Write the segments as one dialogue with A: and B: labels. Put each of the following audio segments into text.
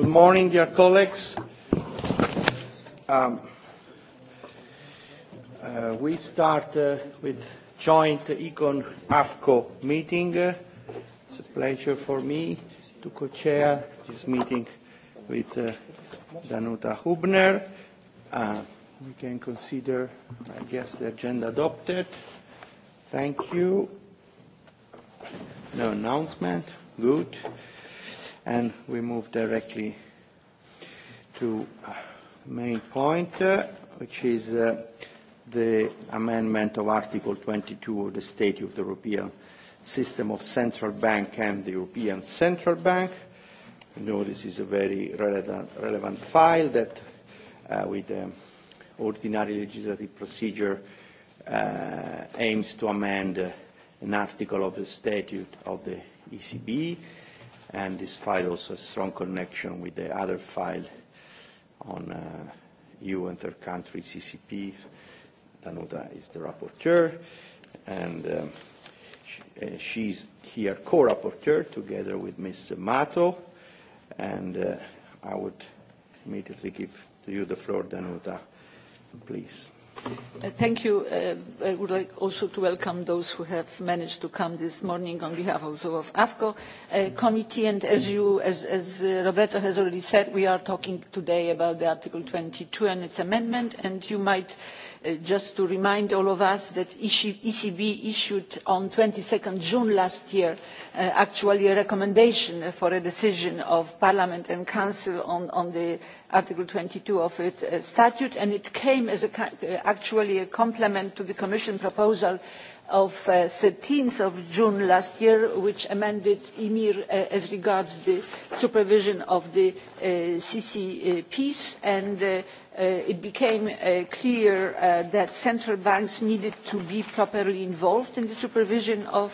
A: Good morning, dear colleagues. Um, uh, we start uh, with joint Econ AFCO meeting. Uh, it's a pleasure for me to co-chair this meeting with uh, Danuta Hubner. Uh, we can consider, I guess, the agenda adopted. Thank you. No announcement. Good and we move directly to uh, main point, uh, which is uh, the amendment of Article 22 of the State of the European System of Central Bank and the European Central Bank. You know this is a very relevant, relevant file that uh, with the uh, ordinary legislative procedure uh, aims to amend uh, an article of the statute of the ECB and this file also has a strong connection with the other file on uh, EU and third country CCP. Danuta is the rapporteur, and um, she, uh, she's here co-rapporteur together with Ms. Mato, and uh, I would immediately give to you the floor, Danuta, please.
B: Uh, thank you. Uh, I would like also to welcome those who have managed to come this morning on behalf also of AFCO uh, committee. And as you, as, as uh, Roberto has already said, we are talking today about the Article 22 and its amendment. And you might uh, just to remind all of us that ECB e issued on 22nd June last year uh, actually a recommendation for a decision of Parliament and Council on, on the Article 22 of its uh, statute. And it came as a uh, actually a complement to the Commission proposal of uh, 13th of June last year, which amended EMIR uh, as regards the supervision of the uh, CCPs, uh, and uh, uh, it became uh, clear uh, that central banks needed to be properly involved in the supervision of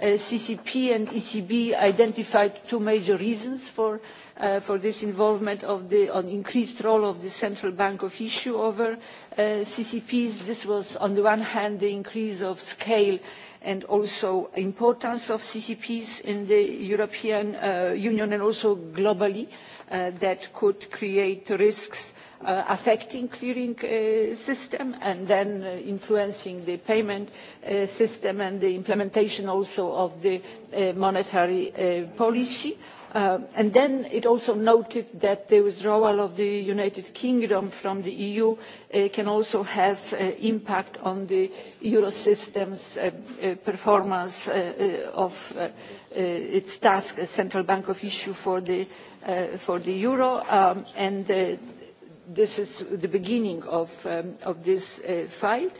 B: uh, CCP, and ECB identified two major reasons for uh, uh, for this involvement of the on increased role of the central bank of issue over uh, CCPs. This was on the one hand the increase of scale and also importance of CCPs in the European uh, Union and also globally uh, that could create risks uh, affecting clearing uh, system and then uh, influencing the payment uh, system and the implementation also of the uh, monetary uh, policy. Uh, and then it also noted that the withdrawal of the United Kingdom from the EU uh, can also have uh, impact on the Eurosystem's uh, uh, performance uh, uh, of uh, uh, its task as central bank of issue for the, uh, for the euro. Um, and uh, this is the beginning of, um, of this uh, fight.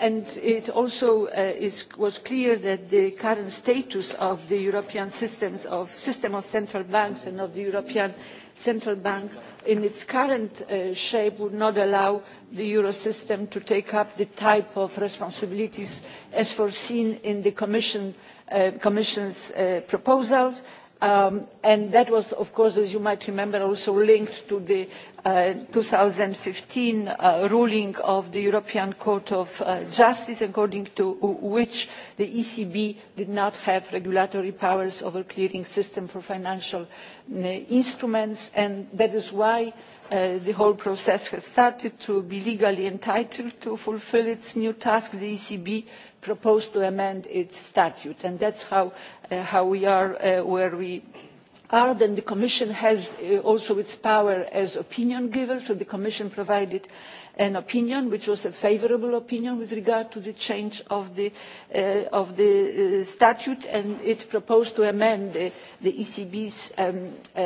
B: And it also uh, is, was clear that the current status of the European systems of, system of central banks and of the European Central Bank in its current uh, shape would not allow the euro system to take up the type of responsibilities as foreseen in the Commission, uh, Commission's uh, proposals Um, and that was, of course, as you might remember, also linked to the uh, 2015 uh, ruling of the European Court of uh, Justice, according to which the ECB did not have regulatory powers over clearing system for financial uh, instruments, and that is why Uh, the whole process has started to be legally entitled to fulfill its new task. The ECB proposed to amend its statute and that's how, uh, how we are uh, where we are then the commission has uh, also its power as opinion giver so the commission provided an opinion which was a favourable opinion with regard to the change of the, uh, of the uh, statute and it proposed to amend the, the ecb's um, uh,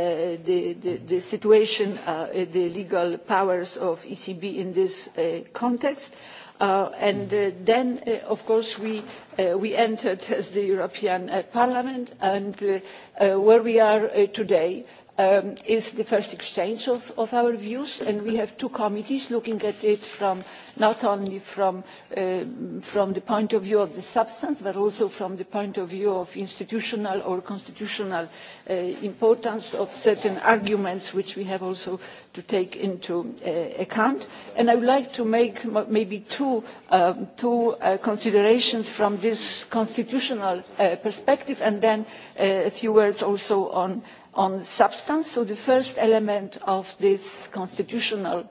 B: the, the, the situation uh, the legal powers of ecb in this uh, context uh, Uh, and uh, then, uh, of course, we, uh, we entered as the European uh, Parliament, and uh, uh, where we are uh, today um, is the first exchange of, of our views, and we have two committees looking at it from not only from, uh, from the point of view of the substance, but also from the point of view of institutional or constitutional uh, importance of certain arguments, which we have also to take into uh, account. And I would like to make maybe two, um, two uh, considerations from this constitutional uh, perspective, and then uh, a few words also on on substance. So the first element of this constitutional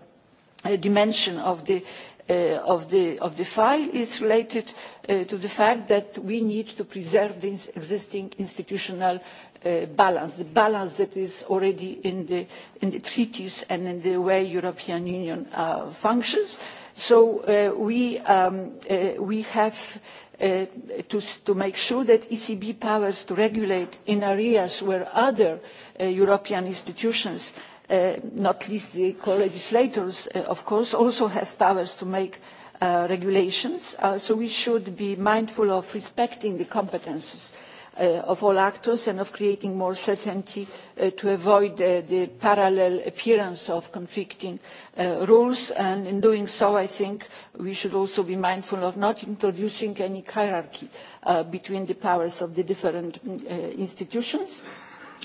B: uh, dimension of the uh, of, the, of the file is related uh, to the fact that we need to preserve the existing institutional uh, balance, the balance that is already in the, in the treaties and in the way European Union uh, functions. So uh, we, um, uh, we have uh, to, to make sure that ECB powers to regulate in areas where other uh, European institutions uh, uh, not least the co-legislators, uh, of course, also have powers to make uh, regulations, uh, so we should be mindful of respecting the competences uh, of all actors and of creating more certainty uh, to avoid uh, the parallel appearance of conflicting uh, rules and in doing so I think we should also be mindful of not introducing any hierarchy uh, between the powers of the different uh, institutions. Uh,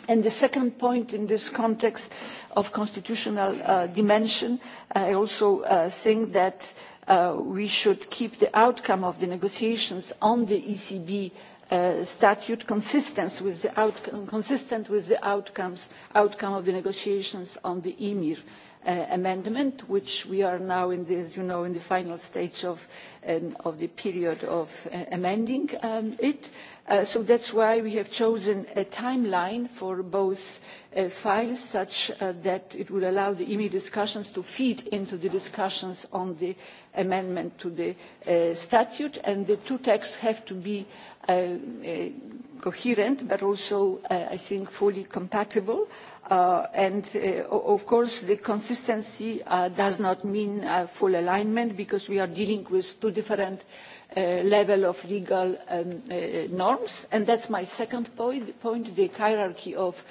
B: And the second point in this context of constitutional uh, dimension, uh, I also uh, think that uh, we should keep the outcome of the negotiations on the ECB uh, statute consistent with the, outcome, consistent with the outcomes, outcome of the negotiations on the EMIR. Uh, uh, amendment, which we are now, in the, as you know, in the final stage of, um, of the period of uh, amending um, it. Uh, so that's why we have chosen a timeline for both uh, files such uh, that it would allow the EME discussions to feed into the discussions on the amendment to the uh, statute and the two texts have to be uh, uh, coherent but also uh, I think fully compatible. Uh, Uh, and uh, of course the consistency uh, does not mean uh, full alignment because we are dealing with two different uh, level of legal um, uh, norms and that's my second point, point the hierarchy of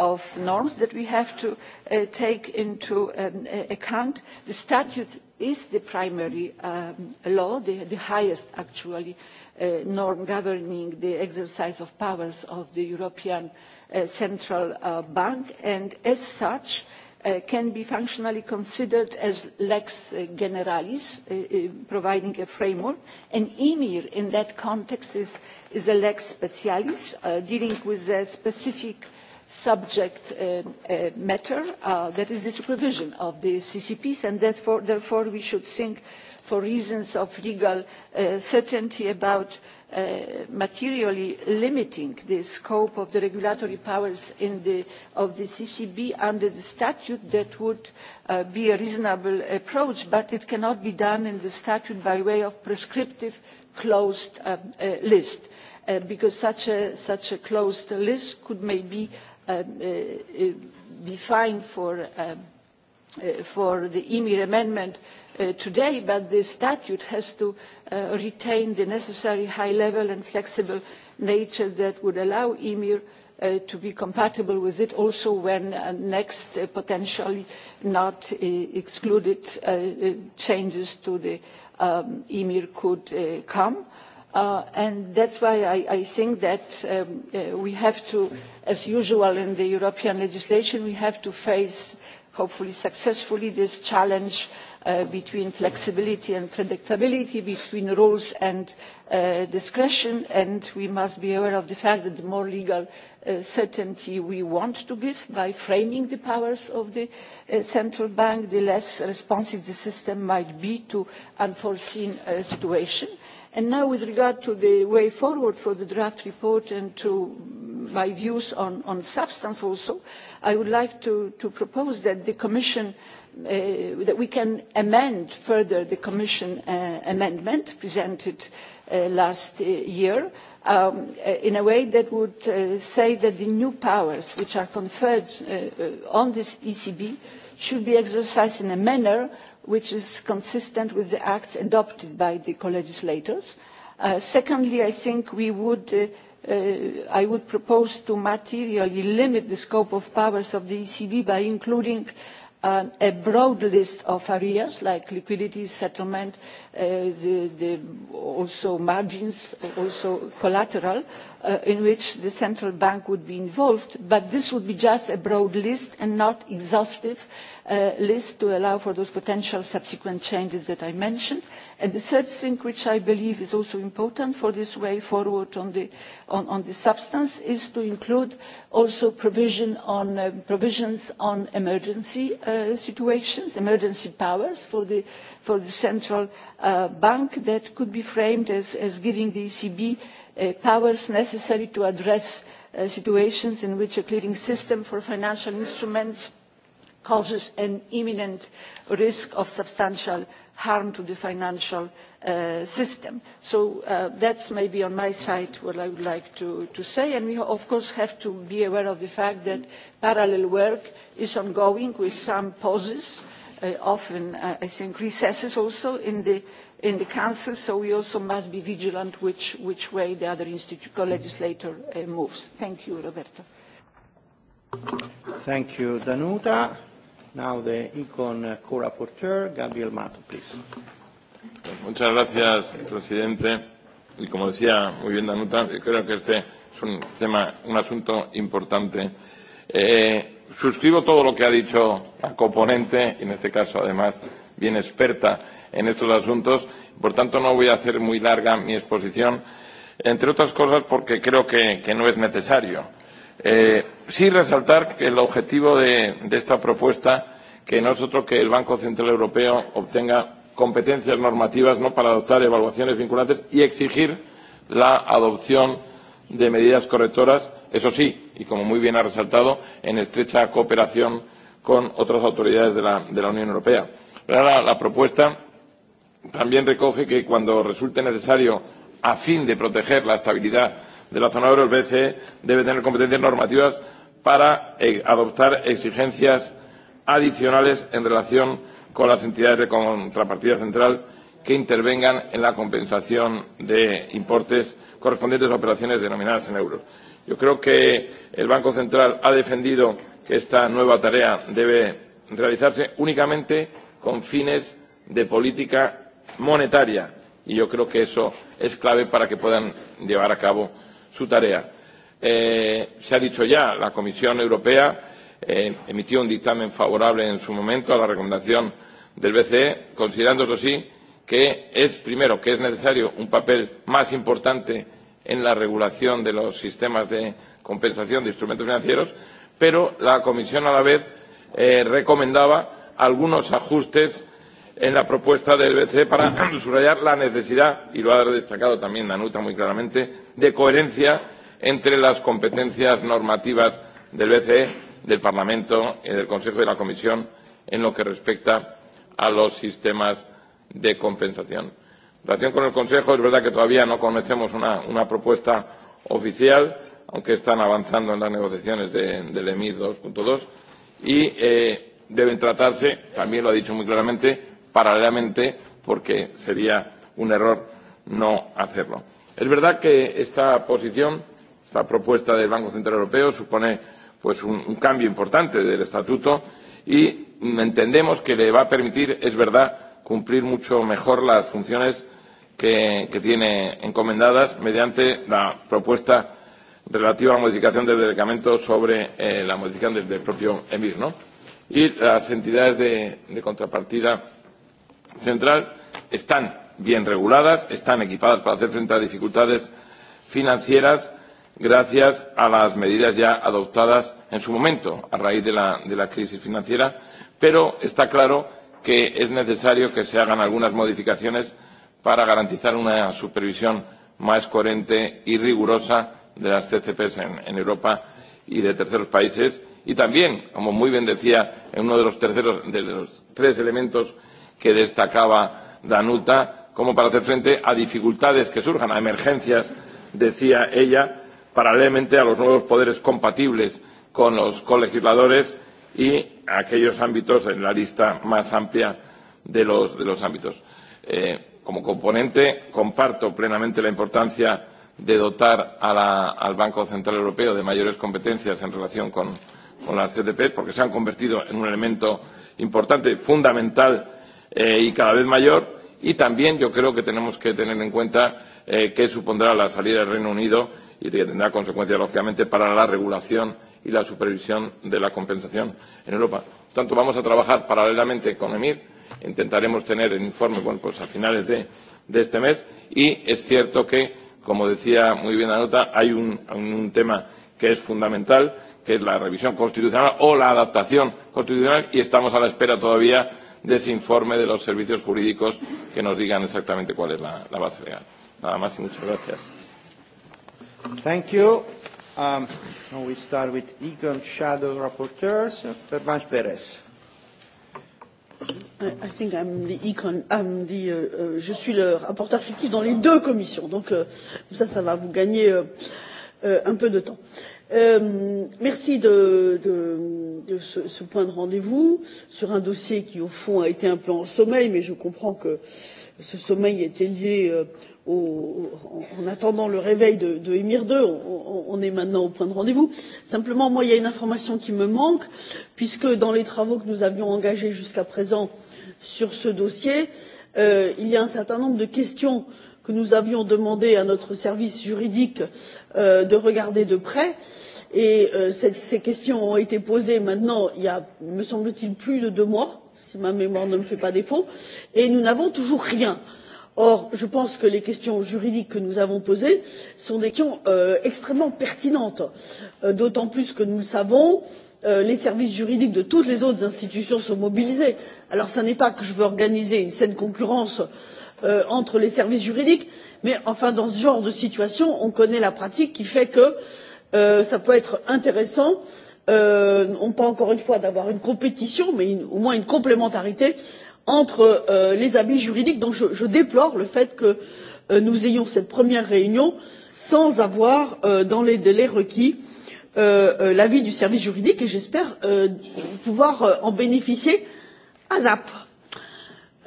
B: of norms that we have to uh, take into um, account. The statute is the primary um, law, the, the highest actually uh, norm governing the exercise of powers of the European uh, Central uh, Bank and as such uh, can be functionally considered as lex generalis, uh, uh, providing a framework, and EMIR in that context is, is a lex specialis, uh, dealing with a specific uh, subject uh, uh, matter, uh, that is the supervision of the CCPs, and therefore, therefore we should think for reasons of legal uh, certainty about uh, materially limiting the scope of the regulatory powers in the, of the CCB under the statute, that would uh, be a reasonable approach, but it cannot be done in the statute by way of prescriptive closed uh, uh, list. Uh, because such a, such a closed list could maybe um, uh, uh, be fine for, um, uh, for the EMIR amendment uh, today, but the statute has to uh, retain the necessary high level and flexible nature that would allow EMIR uh, to be compatible with it also when uh, next uh, potentially not uh, excluded uh, uh, changes to the um, EMIR could uh, come. Uh, and that's why I, I think that um, uh, we have to as usual in the European legislation, we have to face, hopefully successfully, this challenge uh, between flexibility and predictability, between rules and uh, discretion, and we must be aware of the fact that the more legal uh, certainty we want to give by framing the powers of the uh, central bank, the less responsive the system might be to unforeseen uh, situations And now with regard to the way forward for the draft report and to my views on, on substance also, I would like to, to propose that the Commission, uh, that we can amend further the Commission uh, amendment presented uh, last uh, year um, uh, in a way that would uh, say that the new powers which are conferred uh, uh, on this ECB should be exercised in a manner which is consistent with the acts adopted by the co-legislators. Uh, secondly, I think we would, uh, uh, I would propose to materially limit the scope of powers of the ECB by including uh, a broad list of areas like liquidity, settlement, uh, the, the also margins, also collateral, Uh, in which the central bank would be involved, but this would be just a broad list and not exhaustive uh, list to allow for those potential subsequent changes that I mentioned. And the third thing, which I believe is also important for this way forward on the, on, on the substance, is to include also provision on, um, provisions on emergency uh, situations, emergency powers for the, for the central uh, bank that could be framed as, as giving the ECB Uh, powers necessary to address uh, situations in which a clearing system for financial instruments causes an imminent risk of substantial harm to the financial uh, system. So uh, that's maybe on my side what I would like to, to say. And we of course have to be aware of the fact that parallel work is ongoing with some pauses uh, often, uh, I think, recesses also in the, in the Council, so we also must be vigilant which, which way the other institutional legislator uh, moves. Thank you, Roberto.
A: Thank you, Danuta. Now the ICON co-rapporteur, Gabriel Mato, please.
C: Muchas gracias, presidente. Y como decía muy bien Danuta, creo que este es un tema, un asunto importante. Eh, suscribo todo lo que ha dicho la coponente, y en este caso además bien experta en estos asuntos, por tanto no voy a hacer muy larga mi exposición, entre otras cosas porque creo que, que no es necesario. Eh, sí resaltar que el objetivo de, de esta propuesta que no es otro que el Banco Central Europeo obtenga competencias normativas ¿no? para adoptar evaluaciones vinculantes y exigir la adopción de medidas correctoras, eso sí, y como muy bien ha resaltado, en estrecha cooperación con otras autoridades de la, de la Unión Europea. Pero ahora la propuesta también recoge que cuando resulte necesario, a fin de proteger la estabilidad de la zona euro, el BCE debe tener competencias normativas para eh, adoptar exigencias adicionales en relación con las entidades de contrapartida central que intervengan en la compensación de importes correspondientes a operaciones denominadas en euros. Yo creo que el Banco Central ha defendido que esta nueva tarea debe realizarse únicamente con fines de política monetaria y yo creo que eso es clave para que puedan llevar a cabo su tarea. Eh, se ha dicho ya, la Comisión Europea eh, emitió un dictamen favorable en su momento a la recomendación del BCE, considerando, eso sí, que es, primero, que es necesario un papel más importante en la regulación de los sistemas de compensación de instrumentos financieros, pero la Comisión a la vez eh, recomendaba algunos ajustes en la propuesta del BCE para subrayar la necesidad, y lo ha destacado también Danuta muy claramente, de coherencia entre las competencias normativas del BCE, del Parlamento, del Consejo y de la Comisión en lo que respecta a los sistemas de compensación. En relación con el Consejo, es verdad que todavía no conocemos una, una propuesta oficial, aunque están avanzando en las negociaciones de, del EMIR 2.2, y eh, deben tratarse, también lo ha dicho muy claramente, paralelamente, porque sería un error no hacerlo. Es verdad que esta posición, esta propuesta del Banco Central Europeo, supone pues, un, un cambio importante del estatuto y entendemos que le va a permitir, es verdad, cumplir mucho mejor las funciones que, que tiene encomendadas mediante la propuesta relativa a la modificación del reglamento sobre eh, la modificación del, del propio EMIR, ¿no? Y las entidades de, de contrapartida central están bien reguladas, están equipadas para hacer frente a dificultades financieras gracias a las medidas ya adoptadas en su momento a raíz de la, de la crisis financiera, pero está claro que es necesario que se hagan algunas modificaciones para garantizar una supervisión más coherente y rigurosa de las CCPs en, en Europa y de terceros países. Y también, como muy bien decía, en uno de los, terceros, de los tres elementos que destacaba Danuta, como para hacer frente a dificultades que surjan, a emergencias, decía ella, paralelamente a los nuevos poderes compatibles con los colegisladores y aquellos ámbitos en la lista más amplia de los, de los ámbitos. Eh, como componente, comparto plenamente la importancia de dotar a la, al Banco Central Europeo de mayores competencias en relación con, con las CDP, porque se han convertido en un elemento importante, fundamental eh, y cada vez mayor. Y también yo creo que tenemos que tener en cuenta eh, qué supondrá la salida del Reino Unido y que tendrá consecuencias, lógicamente, para la regulación y la supervisión de la compensación en Europa. Por tanto, vamos a trabajar paralelamente con EMIR. Intentaremos tener el informe bueno, pues a finales de, de este mes. Y es cierto que, como decía muy bien la nota, hay un, un tema que es fundamental, que es la revisión constitucional o la adaptación constitucional. Y estamos a la espera todavía de ese informe de los servicios jurídicos que nos digan exactamente cuál es la, la base legal. Nada más y muchas gracias.
A: Thank you. Um, we start with Egon Shadow Rapporteurs, Pervanche Perez.
D: I, I think I'm the econ, I'm the, uh, uh, je suis le rapporteur fictif dans les deux commissions, donc uh, ça, ça va vous gagner uh, uh, un peu de temps. Um, merci de, de, de ce, ce point de rendez-vous sur un dossier qui, au fond, a été un peu en sommeil, mais je comprends que uh, ce sommeil était lié euh, au, en, attendant le réveil de, de Emir II, on, on est maintenant au point de rendez-vous. Simplement, moi, il y a une information qui me manque, puisque dans les travaux que nous avions engagés jusqu'à présent sur ce dossier, euh, il y a un certain nombre de questions que nous avions demandé à notre service juridique euh, de regarder de près. Et euh, cette, ces questions ont été posées maintenant, il y a, me semble-t-il, plus de deux mois si ma mémoire ne me fait pas défaut, et nous n'avons toujours rien. Or, je pense que les questions juridiques que nous avons posées sont des questions euh, extrêmement pertinentes, euh, d'autant plus que nous le savons, euh, les services juridiques de toutes les autres institutions sont mobilisés. Alors, ce n'est pas que je veux organiser une saine concurrence euh, entre les services juridiques, mais enfin, dans ce genre de situation, on connaît la pratique qui fait que euh, ça peut être intéressant euh, euh, non pas encore une fois d'avoir une compétition, mais une, au moins une complémentarité entre euh, les habits juridiques. Donc je, je déplore le fait que euh, nous ayons cette première réunion sans avoir, euh, dans les délais requis, euh, euh, l'avis du service juridique et j'espère euh, pouvoir euh, en bénéficier à ZAP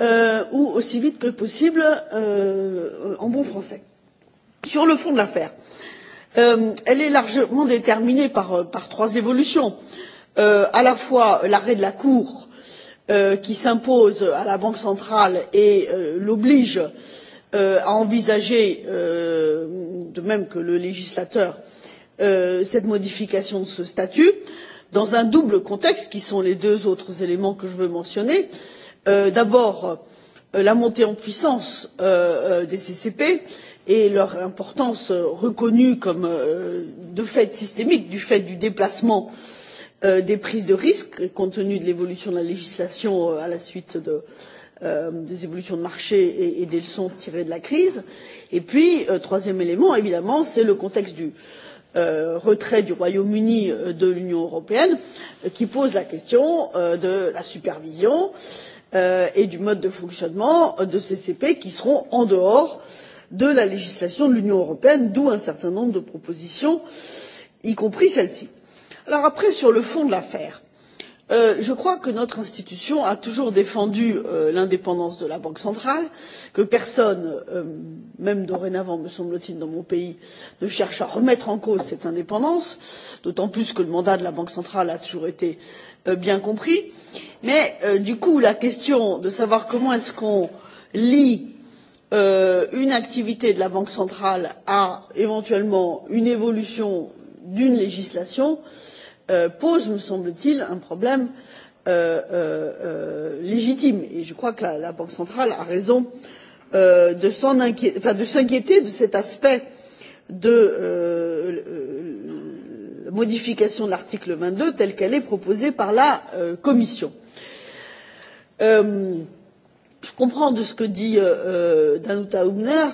D: euh, ou aussi vite que possible euh, en bon français. Sur le fond de l'affaire, euh, Euh, elle est largement déterminée par, euh, par trois évolutions. Euh, à la fois l'arrêt de la Cour euh, qui s'impose à la Banque centrale et euh, l'oblige euh, à envisager, euh, de même que le législateur, euh, cette modification de ce statut, dans un double contexte qui sont les deux autres éléments que je veux mentionner. Euh, D'abord, euh, la montée en puissance euh, euh des CCP, euh, et leur importance euh, reconnue comme euh, de fait systémique du fait du déplacement euh, des prises de risque, compte tenu de l'évolution de la législation à la suite de, euh, des évolutions de marché et, et des leçons tirées de la crise. Et puis, euh, troisième élément, évidemment, c'est le contexte du euh, retrait du Royaume-Uni de l'Union européenne qui pose la question euh, de la supervision euh, et du mode de fonctionnement de ces CP qui seront en dehors euh, de la législation de l'Union européenne, d'où un certain nombre de propositions, y compris celle-ci. Alors après, sur le fond de l'affaire, euh, je crois que notre institution a toujours défendu euh, l'indépendance de la Banque centrale, que personne, euh, même dorénavant, me semble-t-il, dans mon pays, ne cherche à remettre en cause cette indépendance, d'autant plus que le mandat de la Banque centrale a toujours été euh, bien compris. Mais euh, du coup, la question de savoir comment est-ce qu'on euh, euh, une activité de la Banque centrale à éventuellement une évolution d'une législation euh, pose, me semble-t-il, un problème euh, euh, euh légitime. Et je crois que la, la Banque centrale a raison euh, de s'inquiéter de, de cet aspect de euh, euh, modification de l'article 22 telle tel qu'elle est proposée par la euh, Commission. Euh, je comprends de ce que dit euh, euh, Danuta Hubner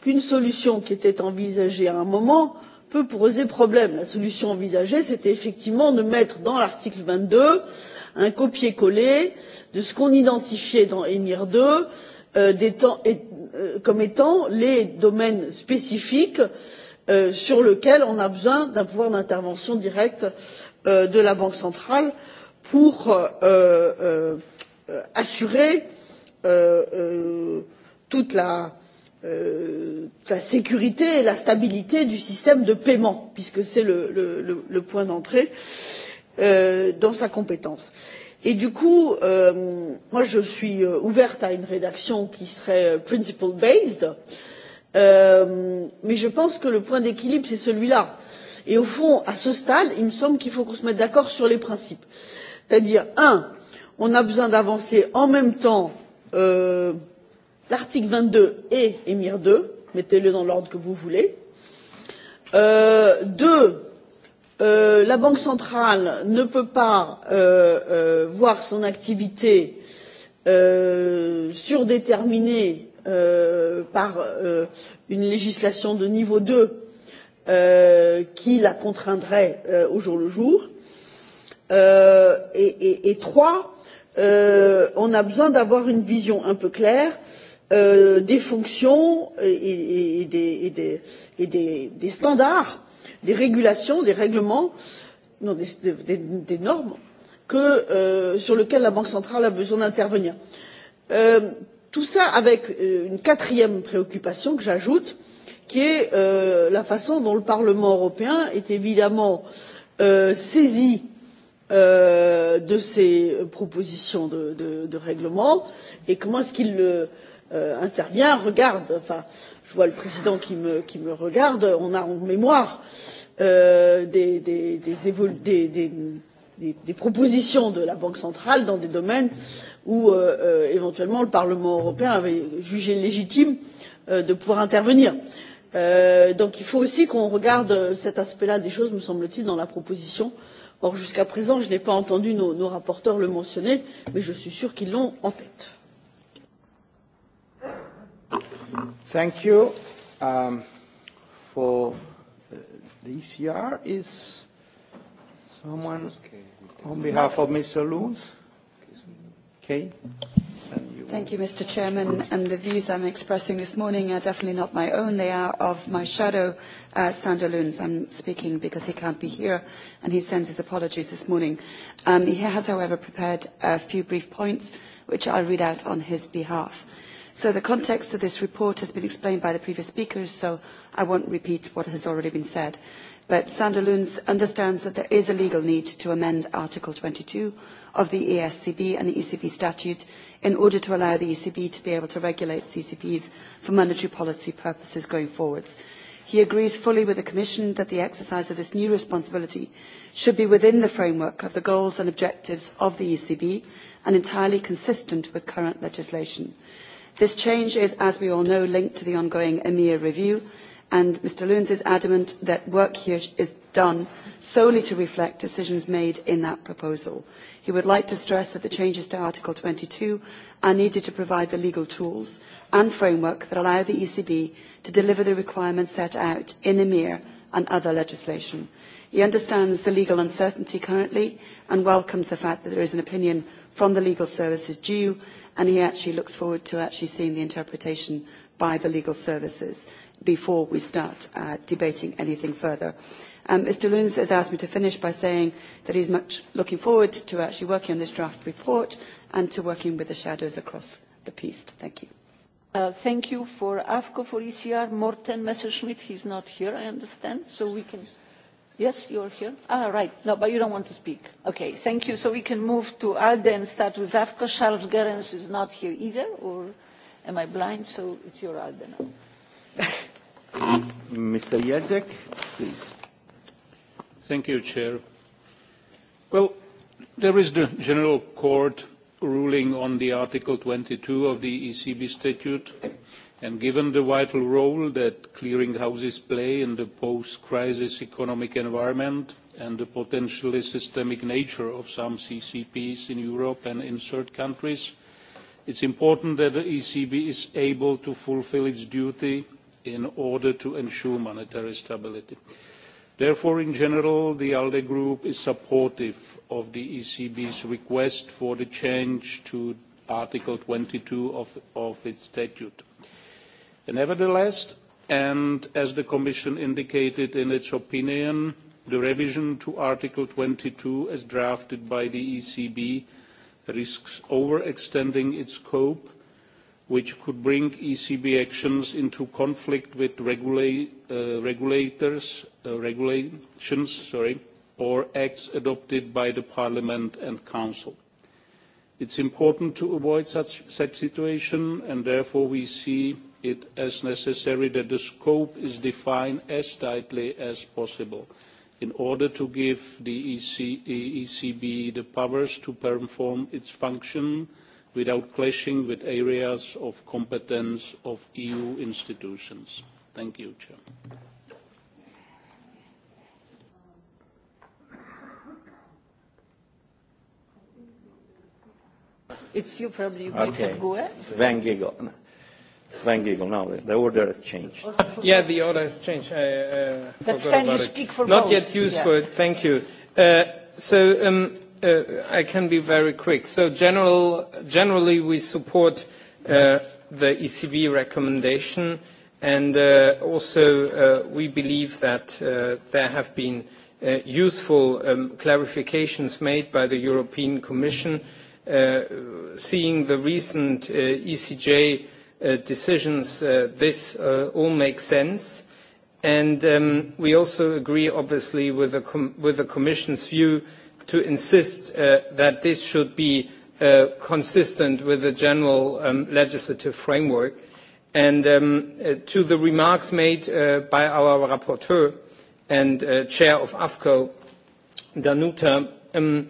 D: qu'une solution qui était envisagée à un moment peut poser problème. La solution envisagée, c'était effectivement de mettre dans l'article 22 un copier-coller de ce qu'on identifiait dans EMIR 2 euh, des temps, et, euh, comme étant les domaines spécifiques euh, sur lesquels on a besoin d'un pouvoir d'intervention directe euh, de la Banque centrale pour euh, euh, euh assurer euh, Euh, euh, toute la, euh, la sécurité et la stabilité du système de paiement, puisque c'est le, le, le point d'entrée euh, dans sa compétence. Et du coup, euh, moi je suis euh, ouverte à une rédaction qui serait principle based, euh, mais je pense que le point d'équilibre c'est celui-là. Et au fond, à ce stade, il me semble qu'il faut qu'on se mette d'accord sur les principes. C'est-à-dire, un, on a besoin d'avancer en même temps euh, l'article 22 et émir 2, mettez-le dans l'ordre que vous voulez. Euh, deux, euh, la Banque centrale ne peut pas euh, euh, voir son activité euh, surdéterminée euh, par euh, une législation de niveau 2 euh, qui la contraindrait euh, au jour le jour. Euh, et, et, et trois, euh, euh, on a besoin d'avoir une vision un peu claire euh, des fonctions et, et, et, des, et, des, et des, des standards, des régulations, des règlements, non, des, des, des normes que, euh, sur lesquelles la Banque centrale a besoin d'intervenir. Euh, tout ça avec euh, une quatrième préoccupation que j'ajoute, qui est euh, la façon dont le Parlement européen est évidemment euh, saisi euh, Euh, de ces propositions de, de, de règlement et comment est-ce qu'il euh, intervient, regarde, enfin, je vois le président qui me, qui me regarde, on a en mémoire euh, des, des, des, évolu des, des, des, des propositions de la Banque centrale dans des domaines où euh, euh, éventuellement le Parlement européen avait jugé légitime euh, de pouvoir intervenir. Euh, donc il faut aussi qu'on regarde cet aspect-là des choses, me semble-t-il, dans la proposition euh, Or, jusqu'à présent, je n'ai pas entendu nos, nos rapporteurs le mentionner, mais je suis sûr qu'ils l'ont en tête. Thank you. Um, for uh,
A: the ECR is someone on behalf of Mr. Loons? Okay.
E: Thank you, Mr. Chairman. And the views I'm expressing this morning are definitely not my own. They are of my shadow, uh, Sander Loons. I'm speaking because he can't be here, and he sends his apologies this morning. Um, he has, however, prepared a few brief points, which I'll read out on his behalf. So the context of this report has been explained by the previous speakers, so I won't repeat what has already been said. But Sander Loons understands that there is a legal need to amend Article 22 of the ESCB and the ECB statute in order to allow the ECB to be able to regulate CCPs for monetary policy purposes going forwards. He agrees fully with the Commission that the exercise of this new responsibility should be within the framework of the goals and objectives of the ECB and entirely consistent with current legislation. This change is, as we all know, linked to the ongoing EMIR e review And Mr. Luns is adamant that work here is done solely to reflect decisions made in that proposal. He would like to stress that the changes to Article 22 are needed to provide the legal tools and framework that allow the ECB to deliver the requirements set out in EMIR and other legislation. He understands the legal uncertainty currently and welcomes the fact that there is an opinion from the legal services due and he actually looks forward to actually seeing the interpretation by the legal services before we start uh, debating anything further. Um, Mr. Luns has asked me to finish by saying that he's much looking forward to actually working on this draft report and to working with the shadows across the piece. Thank you. Uh,
B: thank you for AFCO, for ECR, Morten Messerschmidt. He's not here, I understand, so we can... Yes, you're here. Ah, right. No, but you don't want to speak. Okay, thank you. So we can move to ALDE and start with AFCO. Charles Gerens is not here either, or am I blind? So it's your ALDE
F: now. Mr. please. Thank you, Chair. Well, there is the General Court ruling on the Article 22 of the ECB statute, and given the vital role that clearinghouses play in the post-crisis economic environment and the potentially systemic nature of some CCPs in Europe and in third countries, it is important that the ECB is able to fulfil its duty in order to ensure monetary stability. Therefore, in general, the ALDE Group is supportive of the ECB's request for the change to Article 22 of, of its statute. Nevertheless, and as the Commission indicated in its opinion, the revision to Article 22 as drafted by the ECB risks overextending its scope which could bring ECB actions into conflict with regula uh, regulators, uh, regulations sorry, or acts adopted by the Parliament and Council. It is important to avoid such, such situation and therefore we see it as necessary that the scope is defined as tightly as possible in order to give the EC, ECB e the powers to perform its function without clashing with areas of competence of EU institutions. Thank you, Chair.
B: It's you probably you might okay. go Gue. Sven
A: Giegel.
G: Sven Giegel, now the order has changed. Yeah, the order has changed. I, uh, That's Sven, you speak for Not most. yet used yeah. for it, thank you. Uh, so, um, Uh, I can be very quick. So general, generally we support uh, the ECB recommendation and uh, also uh, we believe that uh, there have been uh, useful um, clarifications made by the European Commission uh, seeing the recent uh, ECJ uh, decisions uh, this uh, all makes sense and um, we also agree obviously with the, com with the Commission's view uh, to insist uh, that this should be uh, consistent with the general um, legislative framework. And um, uh, to the remarks made uh, by our rapporteur and uh, chair of AFCO, Danuta, um,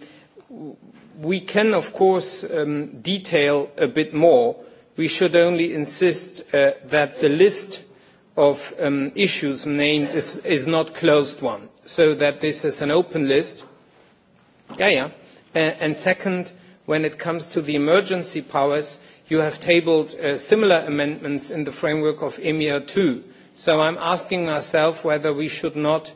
G: we can, of course, um, detail a bit more. We should only insist uh, that the list of um, issues named is, is not closed one, so that this is an open list Yeah, yeah. Uh, and second, when it comes to the emergency powers, you have tabled uh, similar amendments in the framework of EMIR too. So I'm asking myself whether we should not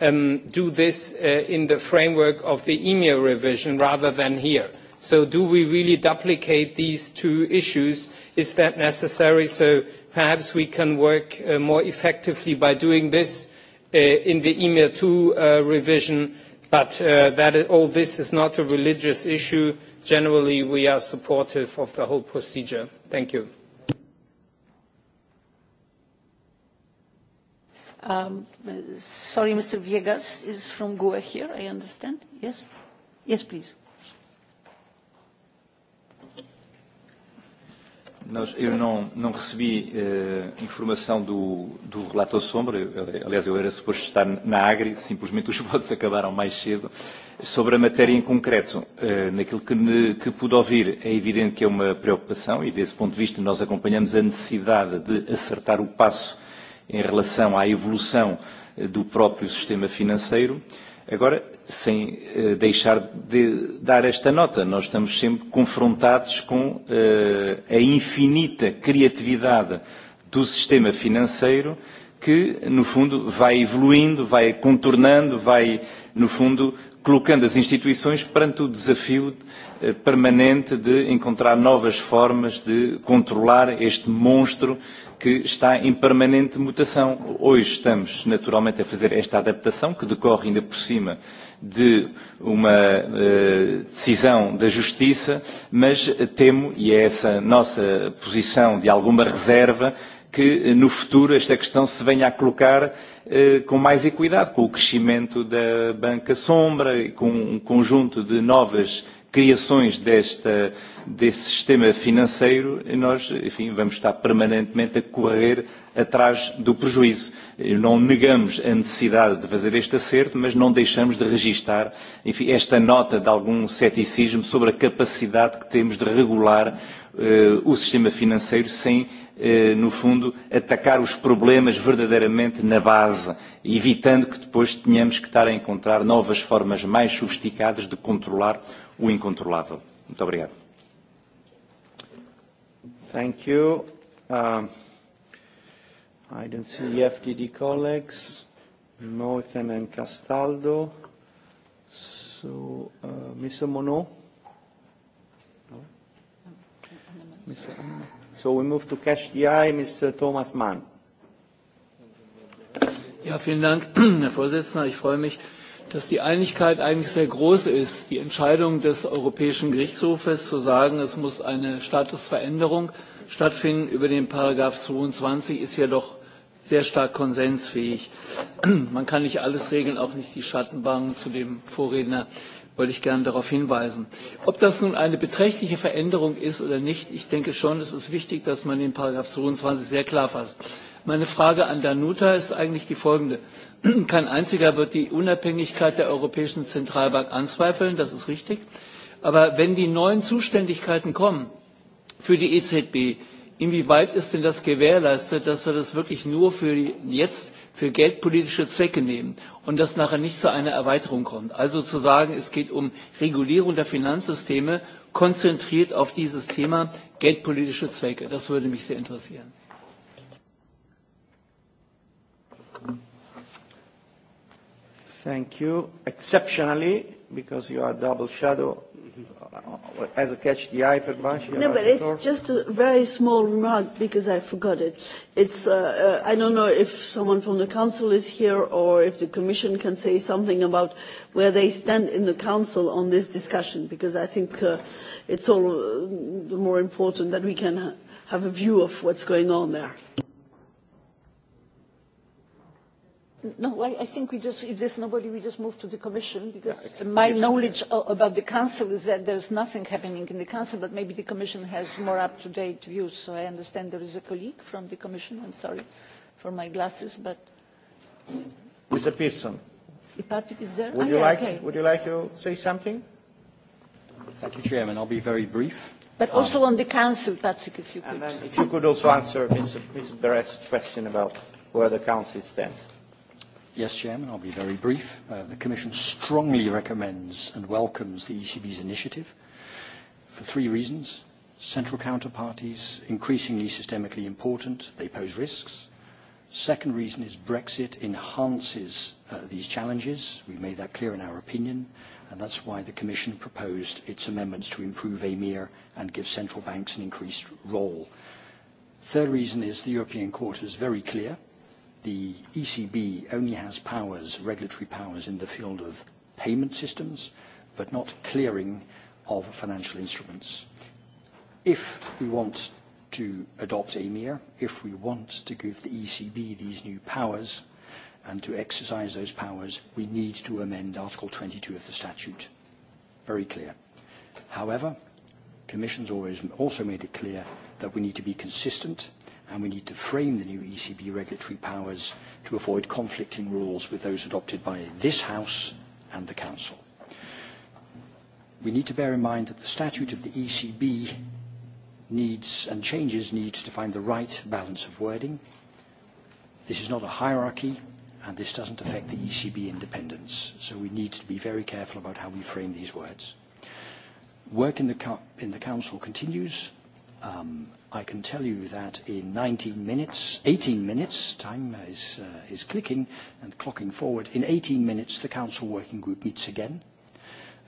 G: um, do this uh, in the framework of the EMIR revision rather than here. So do we really duplicate these two issues? Is that necessary? So perhaps we can work uh, more effectively by doing this uh, in the EMIR 2 uh, revision But uh, that all this is not a religious issue. Generally, we are supportive of the whole procedure. Thank you.
B: Um, sorry, Mr. Viegas is from GUE here, I understand. Yes? Yes, please.
H: Nós, eu não, não recebi uh, informação do, do relator sombra, eu, eh, aliás eu era suposto estar na Agri, simplesmente os votos acabaram mais cedo, sobre a matéria em concreto. Uh, naquilo que, me, que pude ouvir é evidente que é uma preocupação e desse ponto de vista nós acompanhamos a necessidade de acertar o passo em relação à evolução do próprio sistema financeiro. Uh, Agora, sem eh, deixar de dar esta nota, nós estamos sempre confrontados com uh, a infinita criatividade do sistema financeiro que, no fundo, vai evoluindo, vai contornando, vai, no fundo, colocando as instituições perante o desafio eh, permanente de encontrar novas formas de controlar este monstro que está em permanente mutação. Hoje estamos, naturalmente, a fazer esta adaptação, que decorre ainda por cima de uma uh, decisão da Justiça, mas temo, e é essa nossa posição de alguma reserva, que eh, no futuro esta questão se venha a colocar eh, com mais equidade, com o crescimento da banca sombra e com um conjunto de novas criações desta, desse sistema financeiro, e nós, enfim, vamos estar permanentemente a correr atrás do prejuízo. Não negamos a necessidade de fazer este acerto, mas não deixamos de registar, enfim, esta nota de algum ceticismo sobre a capacidade que temos de regular eh, o sistema financeiro sem Eh, no fundo, atacar os problemas verdadeiramente na base, evitando que depois tenhamos que estar a encontrar novas formas mais sofisticadas de controlar o incontrolável. Muito obrigado.
A: Thank you. Uh, I don't see FDD colleagues, Northern and Castaldo. So, uh, Mr. Monod? No? Mr. Anna. So we move to Cash DI,
I: Mr. Thomas Mann. Ja, vielen Dank, Herr Vorsitzender. Ich freue mich, dass die Einigkeit eigentlich sehr groß ist. Die Entscheidung des Europäischen Gerichtshofes zu sagen, es muss eine Statusveränderung stattfinden über den Paragraph 22 ist ja doch sehr stark konsensfähig. Man kann nicht alles regeln, auch nicht die Schattenbanken zu dem Vorredner wollte ich gerne darauf hinweisen. Ob das nun eine beträchtliche Veränderung ist oder nicht, ich denke schon, es ist wichtig, dass man den Paragraph 22 sehr klar fasst. Meine Frage an Danuta ist eigentlich die folgende. Kein einziger wird die Unabhängigkeit der Europäischen Zentralbank anzweifeln, das ist richtig. Aber wenn die neuen Zuständigkeiten kommen für die EZB, Inwieweit ist denn das gewährleistet, dass wir das wirklich nur für jetzt für geldpolitische Zwecke nehmen und das nachher nicht zu einer Erweiterung kommt? Also zu sagen, es geht um Regulierung der Finanzsysteme, konzentriert auf dieses Thema geldpolitische Zwecke. Das würde mich sehr interessieren.
A: Thank you. Exceptionally, because you are double shadow, Uh, as a catch the eye per much? No, but it's
D: just a very small remark because I forgot it. It's, uh, uh, I don't know if someone from the council is here or if the commission can say something about where they stand in the council on this discussion because I think uh, it's all uh the more important that we can ha have a view of what's going on there.
B: No, I, I think we just, if there's nobody, we just move to the Commission, because yeah, exactly. my knowledge yeah. about the Council is that there's nothing happening in the Council, but maybe the Commission has more up-to-date views. So I understand there is a colleague from the Commission, I'm sorry for my glasses, but...
A: Mr. Pearson.
B: If Patrick is there? Would, ah, you yeah, like, okay. would
A: you like to say something? Thank you, Chairman. I'll be very brief.
B: But um, also on the Council, Patrick, if you could. And then if you could
A: also answer Ms. Ms. Beret's question about where the Council stands. Yes, Chairman, I'll be very
J: brief. Uh, the Commission strongly recommends and welcomes the ECB's initiative for three reasons. Central counterparties, increasingly systemically important, they pose risks. Second reason is Brexit enhances uh, these challenges. We made that clear in our opinion, and that's why the Commission proposed its amendments to improve EMIR and give central banks an increased role. Third reason is the European Court is very clear the ECB only has powers, regulatory powers, in the field of payment systems, but not clearing of financial instruments. If we want to adopt EMIR, if we want to give the ECB these new powers and to exercise those powers, we need to amend Article 22 of the statute. Very clear. However, Commission's always also made it clear that we need to be consistent and we need to frame the new ECB regulatory powers to avoid conflicting rules with those adopted by this House and the Council. We need to bear in mind that the statute of the ECB needs and changes needs to find the right balance of wording. This is not a hierarchy and this doesn't affect the ECB independence, so we need to be very careful about how we frame these words. Work in the, in the Council continues Um, I can tell you that in 19 minutes, 18 minutes, time uh, is, uh, is clicking and clocking forward. In 18 minutes, the Council Working Group meets again.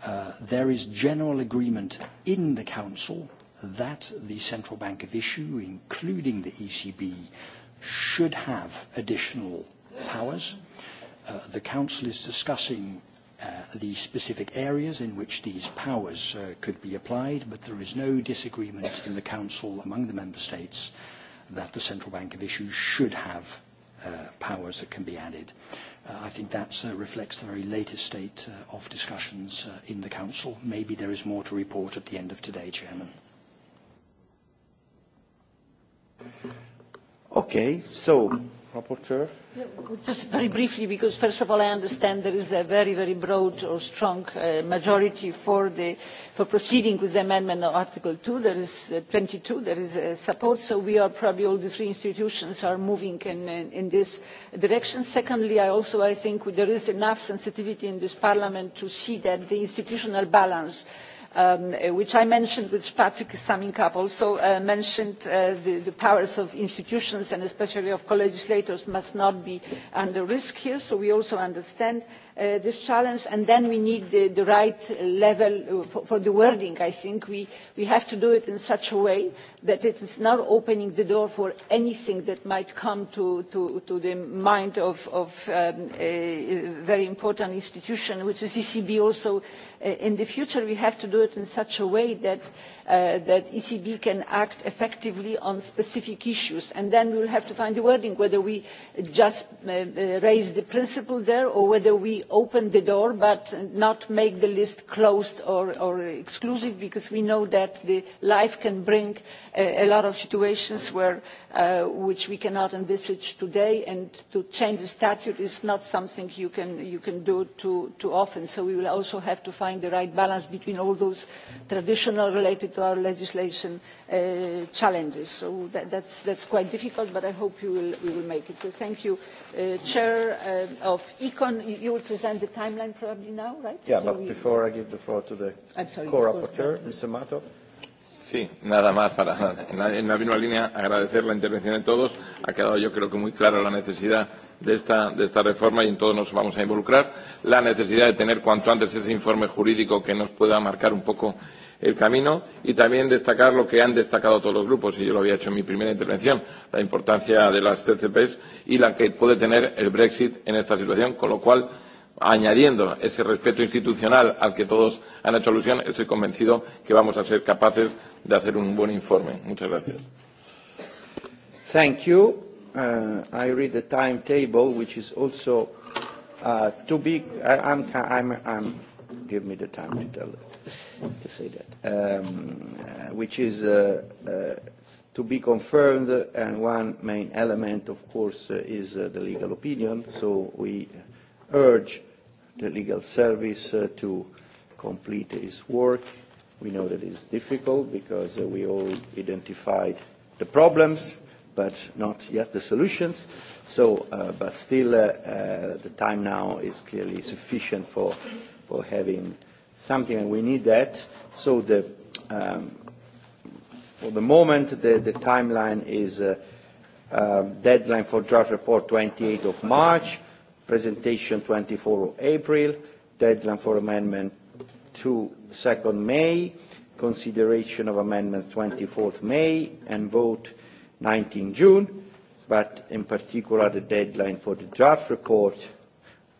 J: Uh, there is general agreement in the Council that the Central Bank of Issue, including the ECB, should have additional powers. Uh, the Council is discussing Uh, the specific areas in which these powers uh, could be applied, but there is no disagreement in the Council among the Member States that the Central Bank of Issues should have uh, powers that can be added. Uh, I think that uh, reflects the very latest state uh, of discussions uh, in the Council. Maybe there is more to report at the end of today, Chairman.
A: Okay, so Rapporteur?
B: Just very briefly, because first of all, I understand there is a very, very broad or strong uh, majority for, the, for proceeding with the amendment of Article 2. There is uh, 22, there is uh, support, so we are probably all the three institutions are moving in, in, uh, in this direction. Secondly, I also I think there is enough sensitivity in this Parliament to see that the institutional balance um, uh, which I mentioned, which Patrick is summing up, also uh, mentioned uh, the, the powers of institutions and especially of co-legislators must not be under risk here, so we also understand uh, this challenge and then we need the, the right level uh, for, for the wording. I think we, we have to do it in such a way that it is not opening the door for anything that might come to, to, to the mind of, of um, a very important institution, which is ECB also. Uh, in the future, we have to do it in such a way that, uh, that ECB can act effectively on specific issues. And then we will have to find the wording, whether we just uh, uh raise the principle there or whether we open the door but not make the list closed or, or exclusive because we know that the life can bring a, uh, a lot of situations where uh, which we cannot envisage today, and to change the statute is not something you can, you can do too, too often. So we will also have to find the right balance between all those traditional related to our legislation uh, challenges. So that, that's, that's quite difficult, but I hope you will, we will make it. So thank you. Uh, Chair uh, of ECON, you will present the timeline probably now, right? Yeah, so but we,
A: before I give the floor to the co-rapporteur, Mr.
C: Mato. Sí, nada más para en la, en la misma línea agradecer la intervención de todos. Ha quedado yo creo que muy clara la necesidad de esta, de esta reforma y en todos nos vamos a involucrar. La necesidad de tener cuanto antes ese informe jurídico que nos pueda marcar un poco el camino y también destacar lo que han destacado todos los grupos, y yo lo había hecho en mi primera intervención, la importancia de las CCPs y la que puede tener el Brexit en esta situación, con lo cual añadiendo ese respeto institucional al que todos han hecho alusión, estoy convencido que vamos a ser capaces de hacer un buen informe. Muchas gracias.
A: Thank you. Uh, I read the timetable, which is also uh, too big. I, I'm, I'm, I'm, give me the time to tell that, to say that, um, uh, which is uh, uh, to be confirmed, and one main element, of course, uh, is uh, the legal opinion. So we urge the legal service uh, to complete its work. We know that it's difficult because uh, we all identified the problems, but not yet the solutions. So, uh, but still, uh, uh, the time now is clearly sufficient for, for having something, and we need that. So the, um, for the moment, the, the timeline is uh, uh, deadline for draft report 28th of March, presentation 24 April, deadline for amendment 2 2nd May, consideration of amendment 24th May, and vote 19 June, but in particular the deadline for the draft report,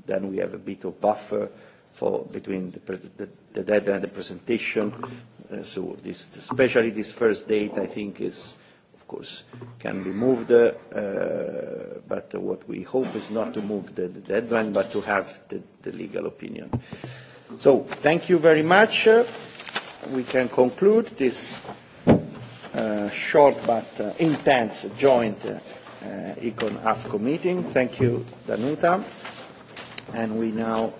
A: then we have a bit of buffer for between the, the, the deadline and the presentation. Uh, so this, especially this first date, I think, is course, can be moved, uh, uh, but what we hope is not to move the, the deadline, but to have the, the legal opinion. So, thank you very much. Uh, we can conclude this uh, short but uh, intense joint uh, uh Econ AFCO meeting. Thank you, Danuta. And we now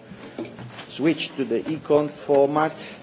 A: switch to the Econ format.